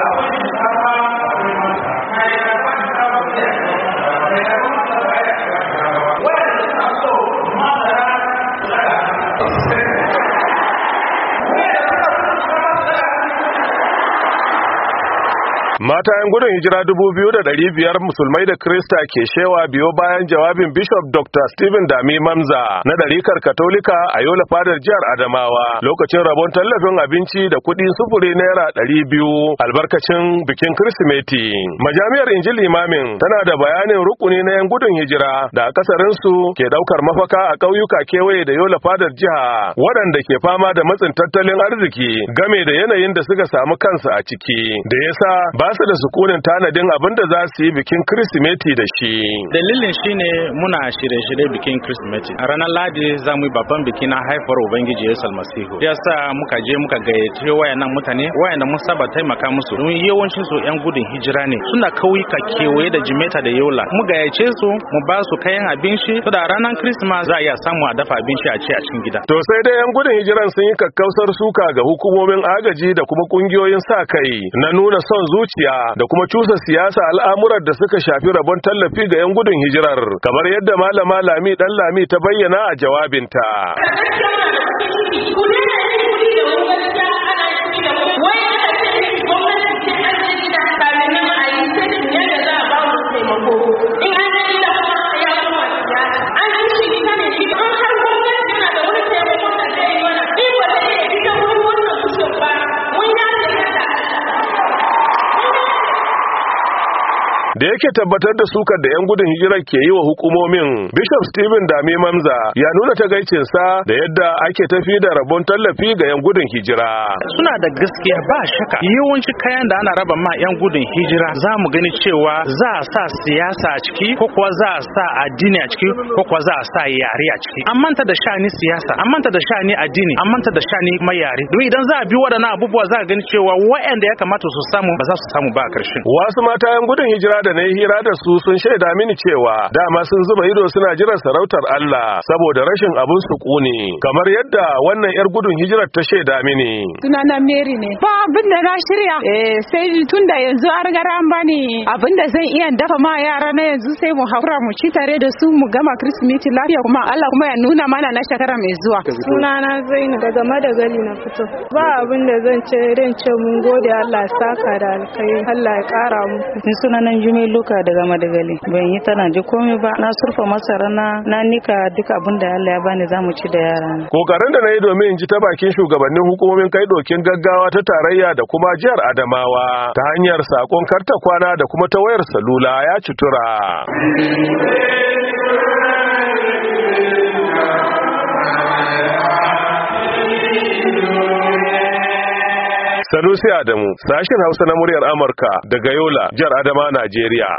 Thank you. Mata 'yan gudun hijira dubu biyu da ɗari biyar musulmai da Krista ke shewa biyo bayan jawabin Bishop Dr. Stephen Dami Mamza na ɗarikar Katolika a Yola Fadar Jihar Adamawa lokacin rabon tallafin abinci da kuɗi sufuri naira ɗari biyu albarkacin bikin Kirsimeti. Majami'ar Injil Imamin tana da bayanin rukuni na 'yan gudun hijira da akasarinsu ke ɗaukar mafaka a ƙauyuka kewaye da Yola Fadar Jiha waɗanda ke fama da matsin tattalin arziki game da yanayin da suka samu kansu a ciki da yasa ba basu su da sukunin tanadin abin da za su yi bikin kirsimeti da shi dalilin shi ne muna shirye-shirye bikin kirsimeti a ranar ladi za mu yi babban biki na haifar ubangiji yesu almasihu ya sa muka je muka gayyaci wayannan mutane wayanda mun saba taimaka musu don yawancin su yan gudun hijira ne suna kauyuka kewaye da jimeta da yola mu gayyace su mu ba su kayan abinci to da ranar christmas za a iya samu a dafa abinci a ci a cikin gida to sai dai yan gudun hijiran sun yi kakkausar suka ga hukumomin agaji da kuma kungiyoyin sa kai na nuna son zuci dukiya da kuma cusa siyasa al'amuran da suka shafi rabon tallafi ga 'yan gudun hijirar kamar yadda malama lami dan lami ta bayyana a jawabinta da yake tabbatar da sukar da 'yan gudun hijira ke yi wa hukumomin bishop stephen dame mamza ya nuna sa da yadda ake tafi da rabon tallafi ga 'yan gudun hijira suna da gaskiya ba shaka yawanci kayan da ana raba ma 'yan gudun hijira za mu gani cewa za a sa siyasa a ciki ko kuwa za a sa addini a ciki ko kuwa za a sa yare a ciki an manta da shani siyasa an manta da shani addini an manta da shani mayare. idan za a bi waɗannan abubuwa za a gani cewa waɗanda ya kamata su samu ba za su samu ba a ƙarshen wasu mata 'yan gudun hijira da na yi hira da su sun shaida mini cewa dama sun zuba ido suna jiran sarautar Allah saboda rashin abun su kune kamar yadda wannan yar gudun hijirar ta shaida mini sunana Mary ne ba abin da na shirya eh sai tun da yanzu an gara an bani abin da zan iya dafa ma yara na yanzu sai mu haura mu ci tare da su mu gama Kirsimeti lafiya kuma Allah kuma ya nuna mana na shekara mai zuwa sunana Zainab daga Madagali na fito ba abin da zan ce ran ce mun gode Allah saka da alkai Allah ya kara mu sunana Jumi komai luka daga madagali ban yi tana ji komai ba na surfa masara na na nika duk abin da Allah ya bani zamu ci da yara kokarin da nayi domin in ji ta bakin shugabannin hukumomin kai dokin gaggawa ta tarayya da kuma jihar Adamawa ta hanyar sakon karta kwana da kuma ta wayar salula ya cutura Sanusi Adamu, sashen Hausa na muryar Amurka daga Yola, jihar Adama, Najeriya.